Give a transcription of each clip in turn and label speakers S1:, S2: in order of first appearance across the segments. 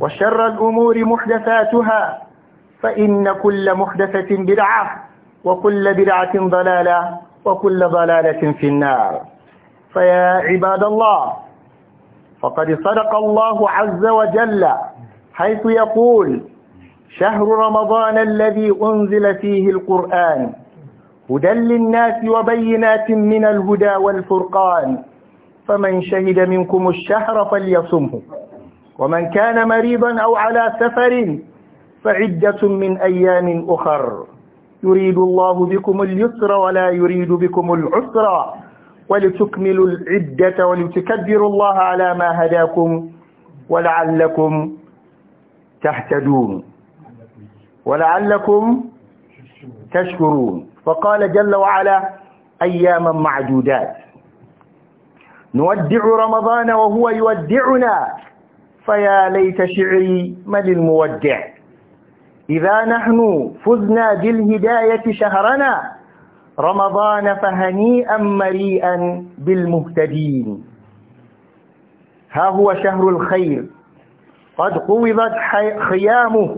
S1: وشر الأمور محدثاتها فإن كل محدثة بدعة وكل بدعة ضلالة وكل ضلالة في النار فيا عباد الله فقد صدق الله عز وجل حيث يقول شهر رمضان الذي أنزل فيه القرآن هدى للناس وبينات من الهدى والفرقان فمن شهد منكم الشهر فليصمه ومن كان مريضا أو على سفر فعدة من أيام أخر يريد الله بكم اليسر ولا يريد بكم العسر ولتكملوا العدة ولتكبروا الله على ما هداكم ولعلكم تهتدون ولعلكم تشكرون فقال جل وعلا أياما معدودات نودع رمضان وهو يودعنا فيا ليت شعري من المودع إذا نحن فزنا بالهداية شهرنا رمضان فهنيئا مريئا بالمهتدين ها هو شهر الخير قد قوضت خيامه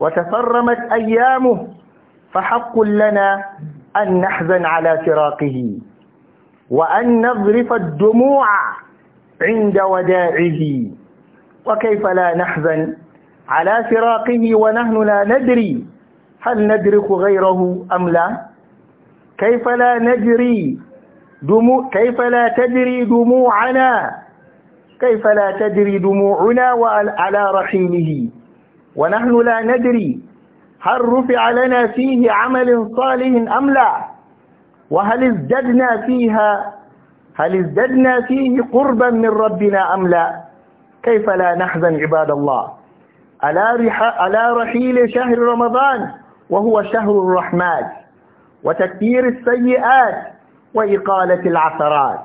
S1: وتفرمت أيامه فحق لنا أن نحزن على فراقه وأن نظرف الدموع عند وداعه وكيف لا نحزن على فراقه ونحن لا ندري هل ندرك غيره أم لا كيف لا نجري دمو كيف لا تجري دموعنا كيف لا تجري دموعنا على رحيله ونحن لا ندري هل رفع لنا فيه عمل صالح أم لا وهل ازددنا فيها هل ازددنا فيه قربا من ربنا أم لا كيف لا نحزن عباد الله على, على رحيل شهر رمضان وهو شهر الرحمات وتكثير السيئات وإقالة العثرات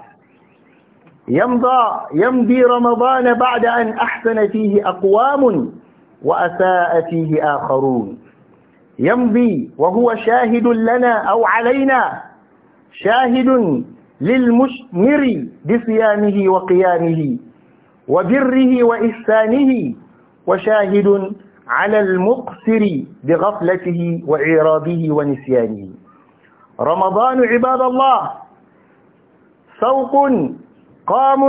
S1: يمضى يمضي رمضان بعد أن أحسن فيه أقوام وأساء فيه آخرون يمضي وهو شاهد لنا أو علينا شاهد للمشمر بصيامه وقيامه وبره وإحسانه وشاهد على المقصر بغفلته وإعراضه ونسيانه رمضان عباد الله سوق قام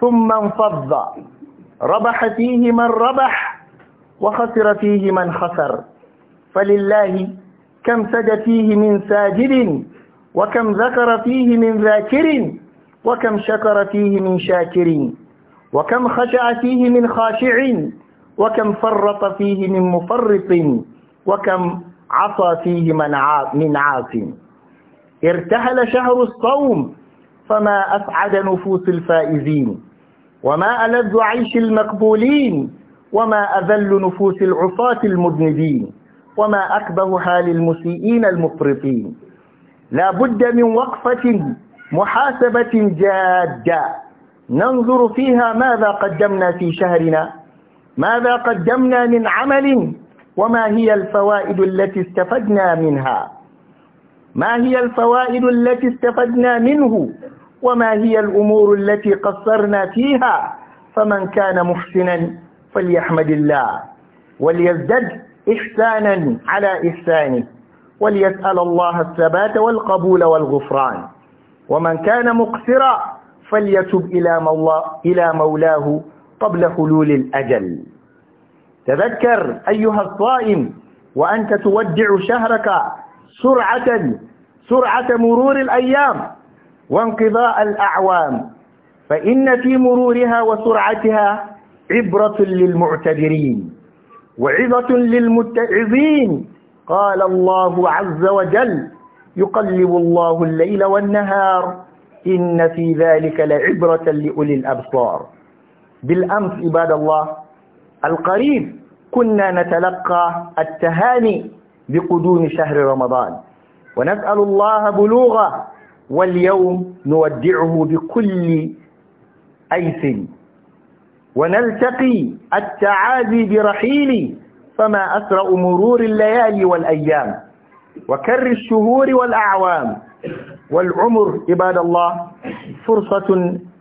S1: ثم انفض ربح فيه من ربح وخسر فيه من خسر فلله كم سجد فيه من ساجد وكم ذكر فيه من ذاكر وكم شكر فيه من شاكر وكم خشع فيه من خاشع وكم فرط فيه من مفرط وكم عصى فيه من عاص ارتحل شهر الصوم فما أسعد نفوس الفائزين وما ألذ عيش المقبولين وما أذل نفوس العصاة المذنبين وما أكبه حال المسيئين المفرطين لا بد من وقفة محاسبة جادة ننظر فيها ماذا قدمنا في شهرنا ماذا قدمنا من عمل وما هي الفوائد التي استفدنا منها ما هي الفوائد التي استفدنا منه وما هي الأمور التي قصرنا فيها فمن كان محسنا فليحمد الله وليزدد إحسانا على إحسانه وليسأل الله الثبات والقبول والغفران ومن كان مقصرا فليتب إلى, مولاه, إلى مولاه قبل حلول الأجل تذكر أيها الصائم وأنت تودع شهرك سرعة سرعة مرور الأيام وانقضاء الأعوام فإن في مرورها وسرعتها عبرة للمعتبرين وعظة للمتعظين قال الله عز وجل يقلب الله الليل والنهار إن في ذلك لعبرة لأولي الأبصار بالأمس عباد الله القريب كنا نتلقى التهاني بقدوم شهر رمضان ونسأل الله بلوغه واليوم نودعه بكل أيس ونلتقي التعازي برحيل فما أسرع مرور الليالي والأيام وكر الشهور والأعوام والعمر عباد الله فرصة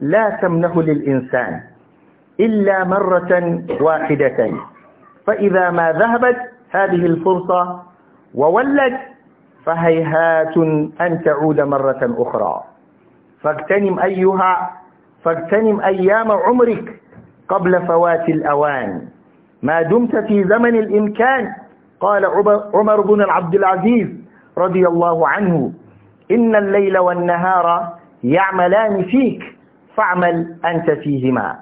S1: لا تمنه للإنسان إلا مرة واحدة فإذا ما ذهبت هذه الفرصة وولت فهيهات أن تعود مرة أخرى فاغتنم أيها فاغتنم أيام عمرك قبل فوات الأوان ما دمت في زمن الإمكان قال عمر بن عبد العزيز رضي الله عنه إن الليل والنهار يعملان فيك فاعمل أنت فيهما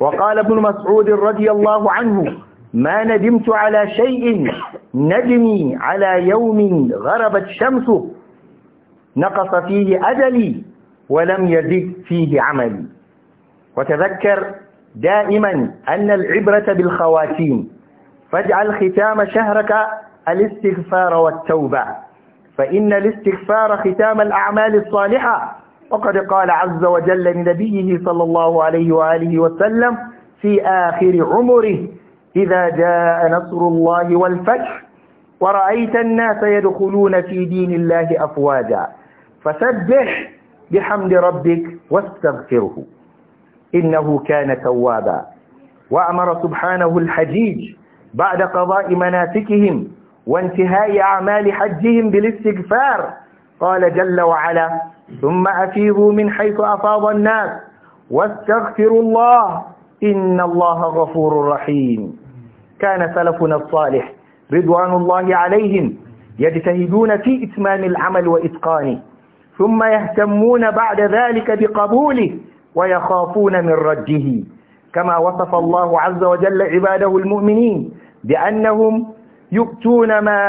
S1: وقال ابن مسعود رضي الله عنه ما ندمت على شيء ندمي على يوم غربت شمسه نقص فيه أجلي ولم يزد فيه عملي وتذكر دائما أن العبرة بالخواتيم فاجعل ختام شهرك الاستغفار والتوبة فإن الاستغفار ختام الأعمال الصالحة وقد قال عز وجل لنبيه صلى الله عليه وآله وسلم في آخر عمره إذا جاء نصر الله والفتح ورأيت الناس يدخلون في دين الله أفواجا فسبح بحمد ربك واستغفره إنه كان توابا وأمر سبحانه الحجيج بعد قضاء مناسكهم وانتهاء أعمال حجهم بالاستغفار قال جل وعلا ثم أفيضوا من حيث أفاض الناس واستغفروا الله إن الله غفور رحيم كان سلفنا الصالح رضوان الله عليهم يجتهدون في إتمام العمل وإتقانه ثم يهتمون بعد ذلك بقبوله ويخافون من رده كما وصف الله عز وجل عباده المؤمنين بأنهم يؤتون ما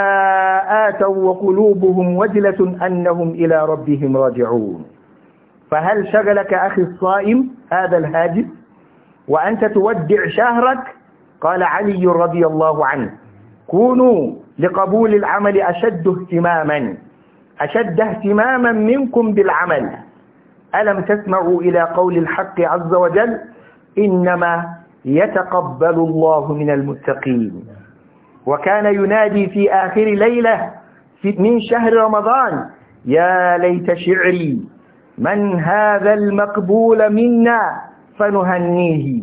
S1: آتوا وقلوبهم وجلة أنهم إلى ربهم راجعون فهل شغلك أخي الصائم هذا الهاجس وأنت تودع شهرك قال علي رضي الله عنه كونوا لقبول العمل أشد اهتماما أشد اهتماما منكم بالعمل ألم تسمعوا إلى قول الحق عز وجل إنما يتقبل الله من المتقين وكان ينادي في آخر ليلة من شهر رمضان يا ليت شعري من هذا المقبول منا فنهنيه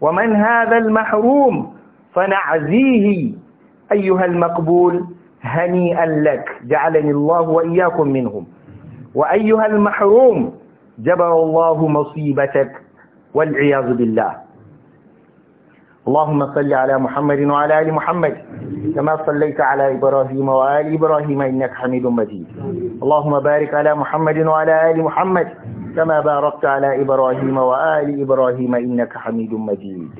S1: ومن هذا المحروم فنعزيه أيها المقبول هنيئا لك جعلني الله وإياكم منهم وأيها المحروم جبر الله مصيبتك والعياذ بالله اللهم صل على محمد وعلى آل محمد كما صليت على إبراهيم وآل إبراهيم إنك حميد مجيد اللهم بارك على محمد وعلى آل محمد كما باركت على إبراهيم وآل إبراهيم إنك حميد مجيد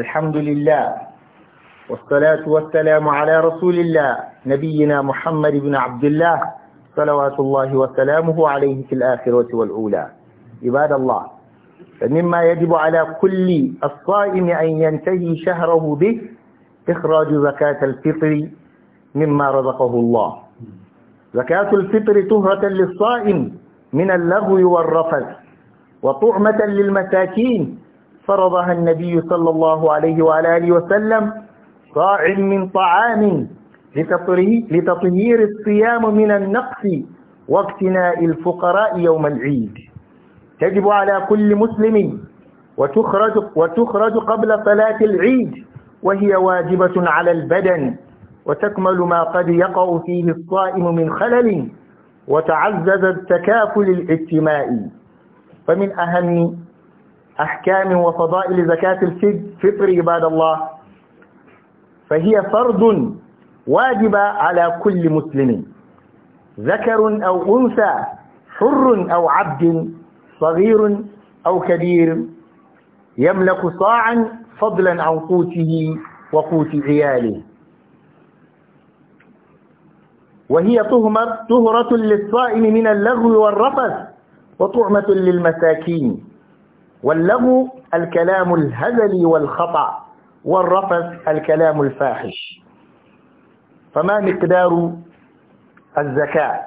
S1: الحمد لله والصلاة والسلام على رسول الله نبينا محمد بن عبد الله صلوات الله وسلامه عليه في الآخرة والأولى عباد الله فمما يجب على كل الصائم أن ينتهي شهره به إخراج زكاة الفطر مما رزقه الله زكاة الفطر طهرة للصائم من اللغو والرفث وطعمة للمساكين فرضها النبي صلى الله عليه وعلى آله وسلم صاع من طعام لتطهير الصيام من النقص واقتناء الفقراء يوم العيد تجب على كل مسلم وتخرج, وتخرج قبل صلاة العيد وهي واجبة على البدن وتكمل ما قد يقع فيه الصائم من خلل وتعزز التكافل الاجتماعي فمن أهم أحكام وفضائل زكاة الفطر عباد الله فهي فرض واجب على كل مسلم ذكر أو أنثى حر أو عبد صغير أو كبير يملك صاعا فضلا عن قوته وقوت عياله وهي تهمة تهرة للصائم من اللغو والرفث وطعمة للمساكين واللغو الكلام الهزلي والخطأ والرفث الكلام الفاحش فما مقدار الزكاة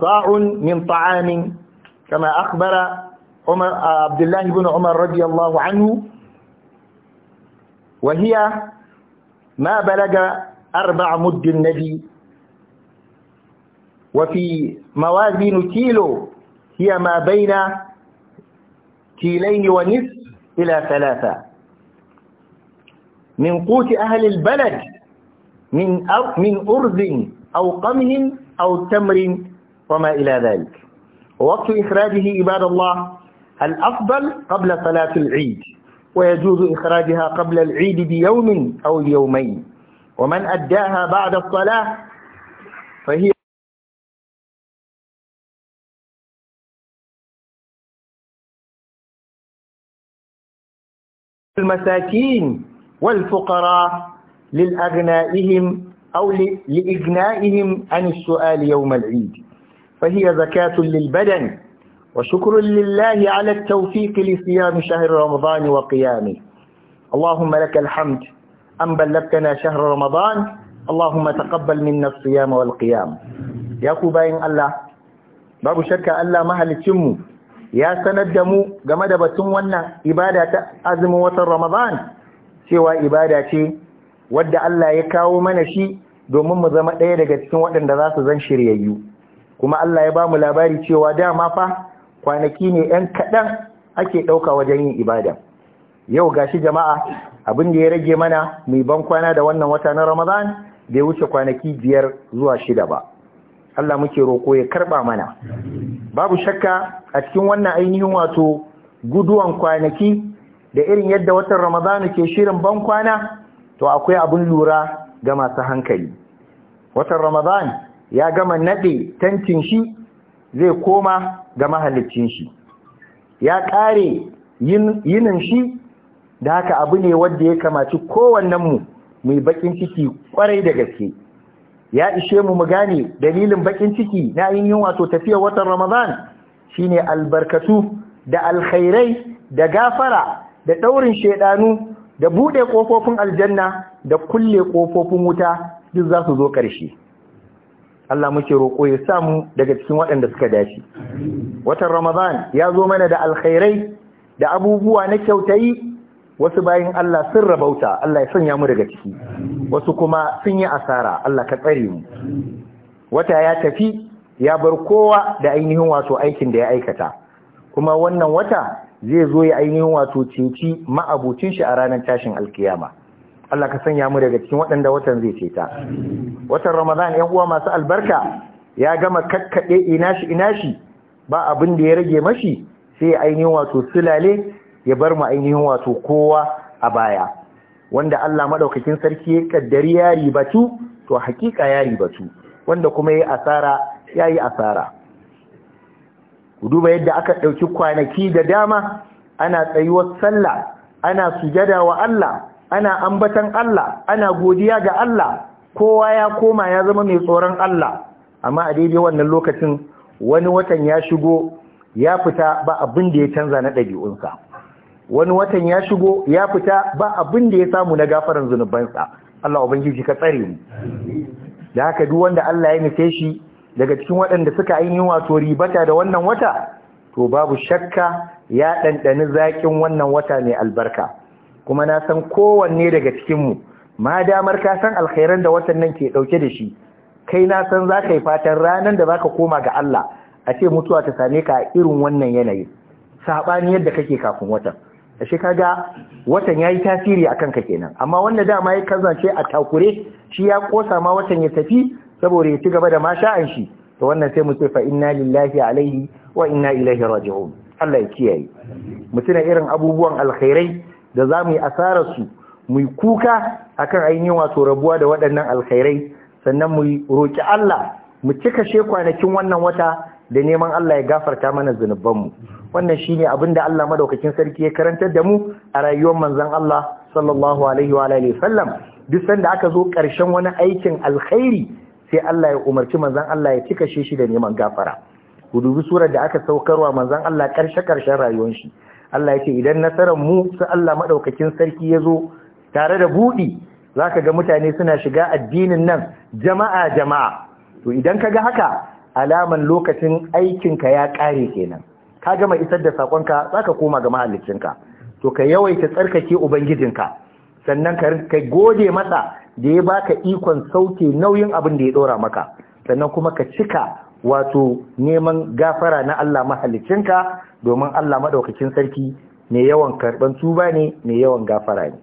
S1: صاع من طعام كما أخبر عمر عبد الله بن عمر رضي الله عنه وهي ما بلغ أربع مد النبي وفي موازين كيلو هي ما بين كيلين ونصف إلى ثلاثة من قوت أهل البلد من من أرز أو قمح أو تمر وما إلى ذلك ووقت إخراجه عباد الله الأفضل قبل صلاة العيد ويجوز إخراجها قبل العيد بيوم أو يومين ومن أداها بعد الصلاة فهي المساكين والفقراء للأغنائهم أو لإغنائهم عن السؤال يوم العيد فهي زكاة للبدن وشكر لله على التوفيق لصيام شهر رمضان وقيامه اللهم لك الحمد أن بلغتنا شهر رمضان اللهم تقبل منا الصيام والقيام يا أخو باين الله باب شك الله مهل تشمه ya sanar da mu game da batun wannan ibada ta azumin watan Ramadan cewa ibada ce wadda Allah ya kawo mana shi domin mu zama ɗaya daga cikin waɗanda za su zan shiryayyu kuma Allah ya ba mu labari cewa dama fa kwanaki ne ‘yan kaɗan ake ɗauka wajen yin ibada yau ga shi jama'a abin da ya rage mana mai ban kwana da wannan wata na Ramadan bai wuce kwanaki biyar zuwa shida ba Allah muke roko ya karba mana babu shakka a cikin wannan ainihin wato guduwan kwanaki da irin yadda watan Ramadanu ke shirin ban kwana to akwai abin lura ga masu hankali watan Ramadan ya gama naɗe tantin shi zai koma ga mahallicin shi ya ƙare yinin shi da haka abu ne wanda ya kamaci kowannenmu mu mai bakin ciki kwarai da gaske ya ishe mu mu gane dalilin bakin ciki na yin wato to tafiyar watan ramadan shine albarkatu da alkhairai da gafara da daurin shedanu da bude kofofin aljanna da kulle kofofin wuta duk za su zo ƙarshe Allah muke roƙo ya mu daga cikin waɗanda suka dace watan ramadan ya zo mana da alkhairai da abubuwa na kyautayi wasu bayan Allah sun rabauta Allah ya sanya mu daga ciki wasu kuma sun yi asara Allah ka tsare mu wata ya tafi ya bar kowa da ainihin wato aikin da ya aikata kuma wannan wata zai zo ya ainihin wato ceci ma'abucin shi a ranar tashin alkiyama Allah ka sanya mu daga cikin waɗanda watan zai ce ta. watan Ramadan 'yan uwa masu albarka ya gama kakkaɗe ina shi ina shi ba abin da ya rage mashi sai ainihin wato sulale ya bar mu ainihin wato kowa a baya wanda Allah madaukakin sarki ya kaddari yari, batu to hakika yari batu, wanda kuma yayi asara yayi asara ku duba yadda aka dauki kwanaki da dama ana tsayuwar sallah ana sujada wa Allah ana ambatan Allah ana godiya ga Allah kowa ya koma ya zama mai tsoron Allah amma a daidai wannan lokacin wani watan ya shigo ya fita ba abin da ya canza na ɗabi'unsa wani watan ya shigo ya fita ba abin da ya samu na gafaran zunubansa Allah ubangiji ka tsare mu da haka duk wanda Allah ya nufe shi daga cikin waɗanda suka ainihin wato ribata da wannan wata to babu shakka ya ɗanɗani zaƙin wannan wata ne albarka kuma na san kowanne daga cikinmu ma damar ka san alkhairan da watan nan ke ɗauke da shi kai na san za ka yi fatan ranar da za ka koma ga Allah a ce mutuwa ta same ka a irin wannan yanayin saɓani yadda kake kafin watan ashe kaga watan yayi tasiri akan ka kenan amma wanda dama ya kazance a takure shi ya kosa ma watan ya tafi saboda ya ci gaba da masha'an shi to wannan sai mu ce fa inna lillahi alaihi wa inna ilaihi raji'un Allah ya kiyaye tuna irin abubuwan alkhairai da zamu yi asarar su mu yi kuka akan ainihin wato rabuwa da waɗannan alkhairai sannan mu roki Allah mu cika she kwanakin wannan wata da neman Allah ya gafarta mana mu. wannan shine abin da Allah madaukakin sarki ya karantar da mu a rayuwar manzon Allah sallallahu alaihi wa alihi sallam duk sanda aka zo ƙarshen wani aikin alkhairi sai Allah ya umarci manzon Allah ya cika shi da neman gafara ku dubi surar da aka saukarwa manzon Allah karshe karshen rayuwar shi Allah yake idan nasarar mu sai Allah madaukakin sarki ya zo tare da buɗi zaka ga mutane suna shiga addinin nan jama'a jama'a to idan ka ga haka alaman lokacin aikinka ya ƙare kenan ka gama isar da sakonka ka koma ga mahallicinka to ka yawaita tsarkake ubangijinka sannan ka gode masa da ya baka ikon sauke nauyin abin da ya dora maka sannan kuma ka cika wato neman gafara na Allah mahallicinka domin Allah madaukakin sarki mai yawan karban tuba ne mai yawan gafara ne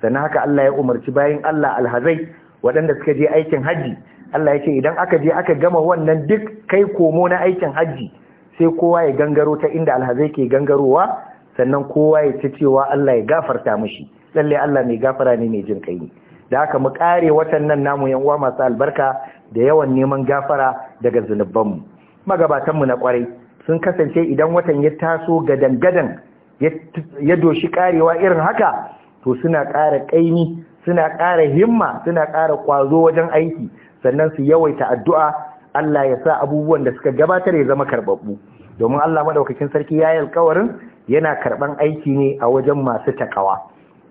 S1: sannan haka Allah ya umarci bayan Allah alhazai waɗanda suka je aikin haji Allah ya ce idan aka je aka gama wannan duk kai komo na aikin hajji sai kowa ya gangaro ta inda alhazai ke gangarowa sannan kowa ya ci cewa Allah ya gafarta mashi. lalle Allah mai gafara ne mai jin kai da haka mu kare watan nan namu yan uwa masu albarka da yawan neman gafara daga mu magabatan mu na kwarai sun kasance idan watan ya taso gadangadan ya doshi karewa irin haka to suna ƙara ƙaimi suna ƙara himma suna ƙara ƙwazo wajen aiki sannan su yawaita addu'a Allah ya sa abubuwan da suka gabatar ya zama karbabbu domin Allah madaukakin sarki ya yi alkawarin yana karban aiki ne a wajen masu takawa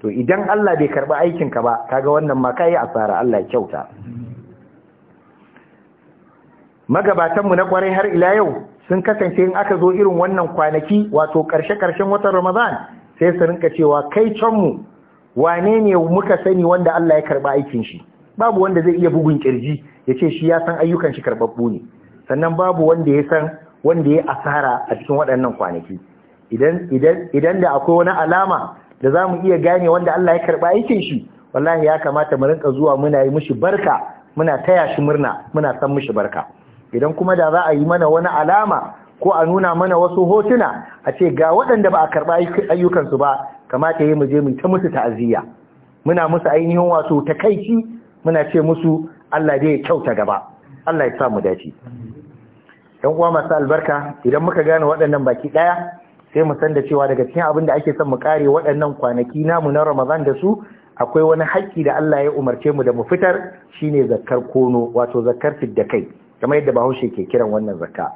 S1: to idan Allah bai karba aikin ka ba kaga wannan ma kai asara Allah ya kyauta magabatan mu na kwarai har ila yau sun kasance in aka zo irin wannan kwanaki wato ƙarshe karshen watan Ramadan sai su rinka cewa kai canmu, mu wane ne muka sani wanda Allah ya karɓi aikin shi babu wanda zai iya bugun kirji ya ce shi ya san ayyukan shi karɓaɓɓu ne sannan babu wanda ya san wanda ya asara a cikin waɗannan kwanaki idan da akwai wani alama da za mu iya gane wanda Allah ya karɓa aikin shi wallahi ya kamata mu rinka zuwa muna yi mishi barka muna taya shi murna muna san mishi barka idan kuma da za a yi mana wani alama ko a nuna mana wasu hotuna a ce ga waɗanda ba a karɓa ayyukansu ba kamata yi mu je mu ta musu ta'aziyya muna musu ainihin wato takaici muna ce musu Allah dai ya kyauta gaba Allah ya sa mu dace dan uwa masu albarka idan muka gane waɗannan baki ɗaya sai mu san da cewa daga cikin abin da ake son mu kare waɗannan kwanaki namu na Ramadan da su akwai wani haƙƙi da Allah ya umarce mu da mu fitar shine zakkar kono wato zakkar fidda kai kamar yadda Bahaushe ke kiran wannan zakka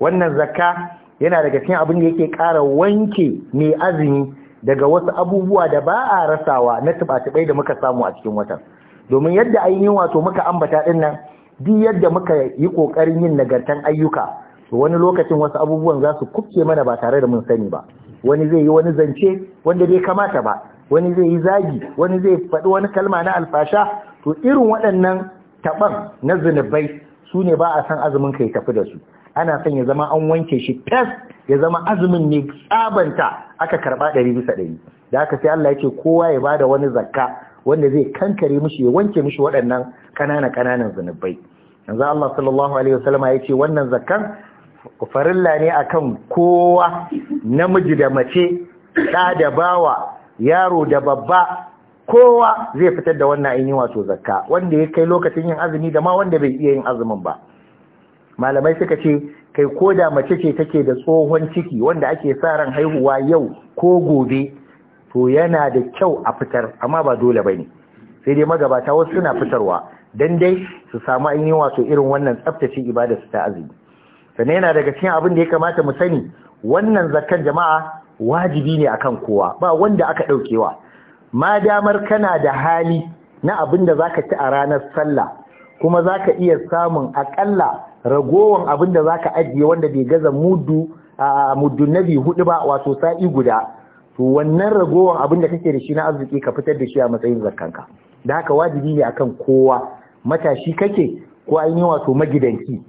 S1: wannan zakka yana daga cikin abin da yake ƙara wanke mai azumi daga wasu abubuwa da ba a rasawa na tuba da muka samu a cikin watan domin yadda ainihin wato muka ambata din nan duk yadda muka yi kokarin yin nagartan ayyuka to wani lokacin wasu abubuwan za su kubce mana ba tare da mun sani ba wani zai yi wani zance wanda bai kamata ba wani zai yi zagi wani zai faɗi wani kalma na alfasha to irin waɗannan taɓan na zunubai su ne ba a san azumin ka ya tafi da su ana son ya zama an wanke shi fes ya zama azumin ne tsabanta aka karɓa ɗari bisa ɗari da aka sai Allah ya ce kowa ya bada wani zakka wanda zai kankare mishi ya wanke mishi waɗannan kanana kananan zunubai yanzu Allah sallallahu alaihi wasallam ya ce wannan zakkan farilla ne akan kowa namiji da mace da da bawa yaro da babba kowa zai fitar da wannan ainihin wato zakka wanda ya kai lokacin yin azumi da ma wanda bai iya yin azumin ba malamai suka ce kai koda mace ce take da tsohon ciki wanda ake sa ran haihuwa yau ko gobe to yana da kyau a fitar amma ba dole ba ne. sai dai magabata wasu suna fitarwa dan dai su samu an yi wato irin wannan tsaftace ibada su ta azumi sannan yana daga cikin abin da ya kamata mu sani wannan zakkan jama'a wajibi ne akan kowa ba wanda aka daukewa ma damar kana da hali na abin da zaka ci a ranar sallah kuma zaka iya samun akalla ragowan abin da zaka ajiye wanda bai gaza mudu a muddun nabi hudu ba wato sa'i guda to wannan ragowar abin da kake da shi na arziki ka fitar da shi a matsayin zakkanka da haka wajibi ne akan kowa matashi kake ko ainihin wato magidanci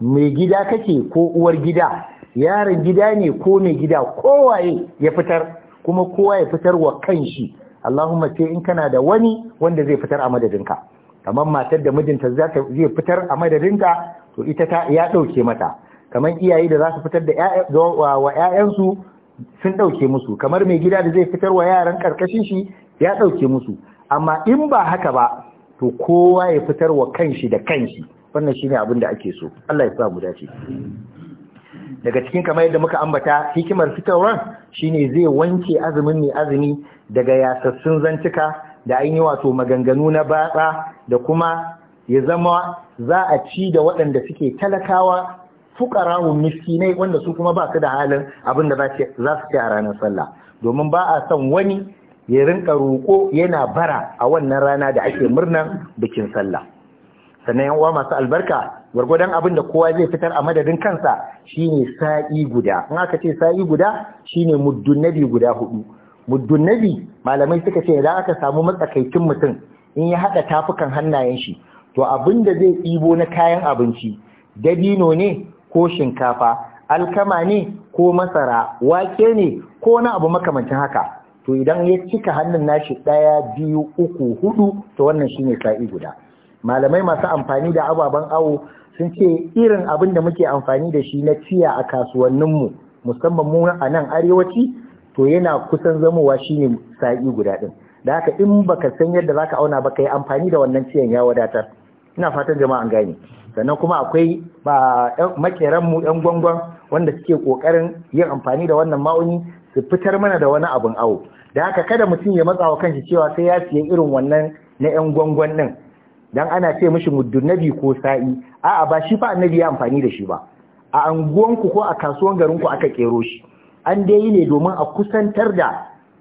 S1: mai gida kake ko uwar gida yaron gida ne ko mai gida kowaye ya fitar kuma kowa ya fitar wa kan shi. Allahumma sai in kana da wani wanda zai fitar a madadinka kamar matar da mijinta zai fitar a madadinka to ita ta ya ɗauke mata kamar iyaye da za su fitar da wa 'ya'yansu sun ɗauke musu kamar mai gida da zai fitar wa yaran karkashin shi ya ɗauke musu amma in ba haka ba to kowa ya fitar wa kanshi da kanshi wannan shine abin da ake so Allah ya sa mu dace daga cikin kamar yadda muka ambata hikimar fitarwar shine zai wanke azumin mai azumi daga yasassun zantuka da yi wato maganganu na batsa da kuma ya zama za a ci da waɗanda suke talakawa Fukarawun miskinai wanda su kuma ba su da halin abin da za su ci a ranar sallah domin ba a son wani ya rinka roƙo yana bara a wannan rana da ake murnan bikin sallah sannan yan uwa masu albarka gwargwadon abin da kowa zai fitar a madadin kansa shine sa'i guda in aka ce sa'i guda shine muddun nabi guda hudu muddun nabi malamai suka ce idan aka samu matsakaicin mutum in ya haɗa tafukan hannayen shi to abin da zai ɗibo na kayan abinci dabino ne ko shinkafa alkama ne ko masara wake ne ko na abu makamancin haka to idan ya cika hannun nashi ɗaya biyu uku hudu to wannan shine sa'i guda malamai masu amfani da ababen awo sun ce irin abin da muke amfani da shi na ciya a kasuwanninmu musamman mu a nan arewaci to yana kusan zamowa shine sa'i guda ɗin. da haka in baka san yadda zaka auna ba yi amfani da wannan ciyan ya wadatar ina fatan jama'a an gane sannan kuma akwai ba makeran mu yan gwangwan wanda suke kokarin yin amfani da wannan ma'auni su fitar mana da wani abun awo da haka kada mutum ya matsa wa kanshi cewa sai ya siya irin wannan na yan gwangwan din dan ana ce mishi muddunabi ko sa'i a'a ba shi fa annabi ya amfani da shi ba a ku ko a kasuwan ku aka kero shi an dai yi ne domin a kusantar da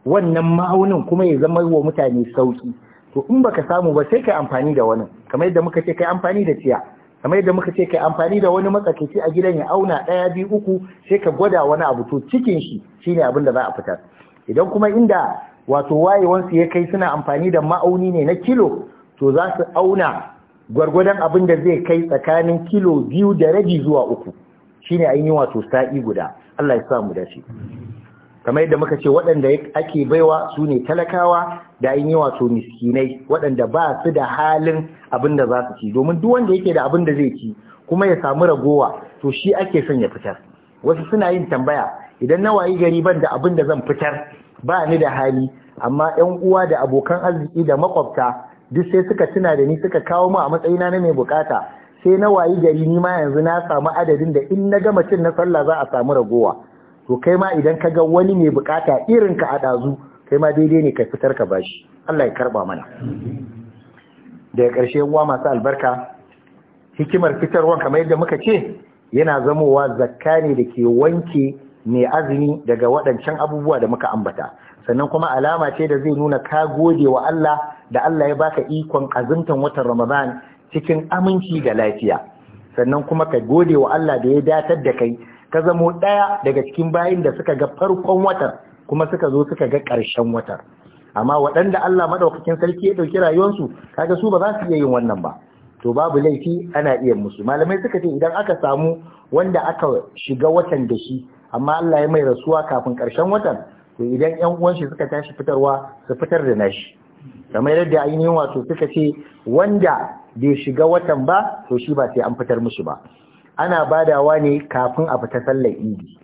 S1: wannan ma'aunin kuma ya zama wa mutane sauki to in baka samu ba sai kai amfani da wannan. kamar yadda muka ce kai amfani da ciya kamar yadda muka ce kai amfani da wani matsakaici a gidan ya auna ɗaya biyu uku sai ka gwada wani abu to cikin shi shine abin da za a fitar idan kuma inda wato wayewansu ya kai suna amfani da ma'auni ne na kilo to za su auna gwargwadon abin da zai kai tsakanin kilo biyu da rabi zuwa uku shine ainihin wato sa'i guda Allah ya sa mu dace kamar yadda muka ce waɗanda ake baiwa su ne talakawa da an yi wato miskinai waɗanda ba su da halin abin da za su ci domin duk wanda yake da abin da zai ci kuma ya samu ragowa to shi ake son ya fitar wasu suna yin tambaya idan na wayi gari ban da abin da zan fitar ba ni da hali amma ƴan uwa da abokan arziki da makwabta duk sai suka tuna da ni suka kawo mu a matsayina na mai bukata sai na wayi gari ni ma yanzu na samu adadin da in na gama cin na sallah za a samu ragowa to kai ma idan ka ga wani mai bukata irin ka a ɗazu kai ma daidai ne ka fitar ka bashi Allah ya karɓa mana daga ƙarshe uwa masu albarka hikimar fitarwan kamar yadda muka ce yana zamowa zakka ne da ke wanke mai azumi daga waɗancan abubuwa da muka ambata sannan kuma alama ce da zai nuna ka gode wa Allah da Allah ya baka ikon azumtan watan Ramadan cikin aminci da lafiya sannan kuma ka gode wa Allah da ya datar da kai ka zamo ɗaya daga cikin bayin da suka ga farkon watan kuma suka zo suka ga ƙarshen watan amma waɗanda Allah maɗaukakin sarki ya ɗauki rayuwarsu kaga su ba za su iya yin wannan ba to babu laifi ana iya musu malamai suka ce idan aka samu wanda aka shiga watan da shi amma Allah ya mai rasuwa kafin ƙarshen watan to idan ƴan uwanshi suka tashi fitarwa su fitar da nashi kamar yadda ainihin wato suka ce wanda bai shiga watan ba to shi ba sai an fitar mushi ba ana badawa ne kafin a fita sallar indi.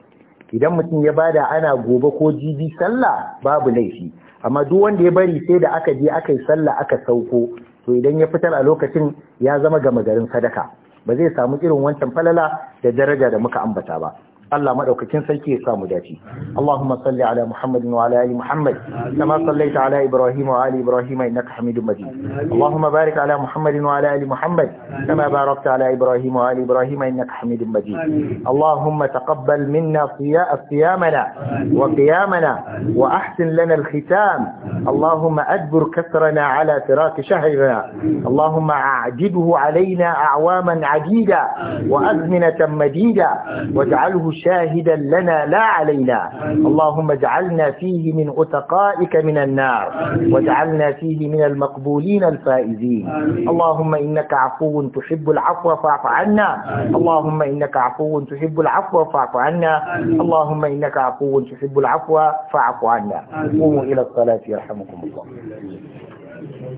S1: idan mutum ya bada ana gobe ko jibi sallah babu laifi amma duk wanda ya bari sai da aka je aka yi sallah aka sauko to idan ya fitar a lokacin ya zama gama garin sadaka ba zai samu irin wancan falala da daraja da muka ambata ba Allah madaukakin sarki ya samu dace Allahumma salli ala Muhammad wa ala ali Muhammad kama sallaita ala Ibrahim wa ali Ibrahim innaka Hamidum Majid Allahumma barik ala Muhammad wa ala ali Muhammad kama barakta ala Ibrahim wa ali Ibrahim innaka Hamidum Majid Allahumma taqabbal minna صيامنا وقيامنا وأحسن لنا الختام اللهم أدبر كسرنا على فراق شهرنا اللهم أعجبه علينا أعواما عديدة وأزمنة مديدة واجعله شاهدا لنا لا علينا اللهم اجعلنا فيه من أتقائك من النار واجعلنا فيه من المقبولين الفائزين اللهم إنك عفو تحب العفو فاعف عنا اللهم إنك عفو تحب العفو فاعف عنا اللهم إنك عفو تحب العفو فاعف عنا قوموا إلى الصلاة يرحمكم الله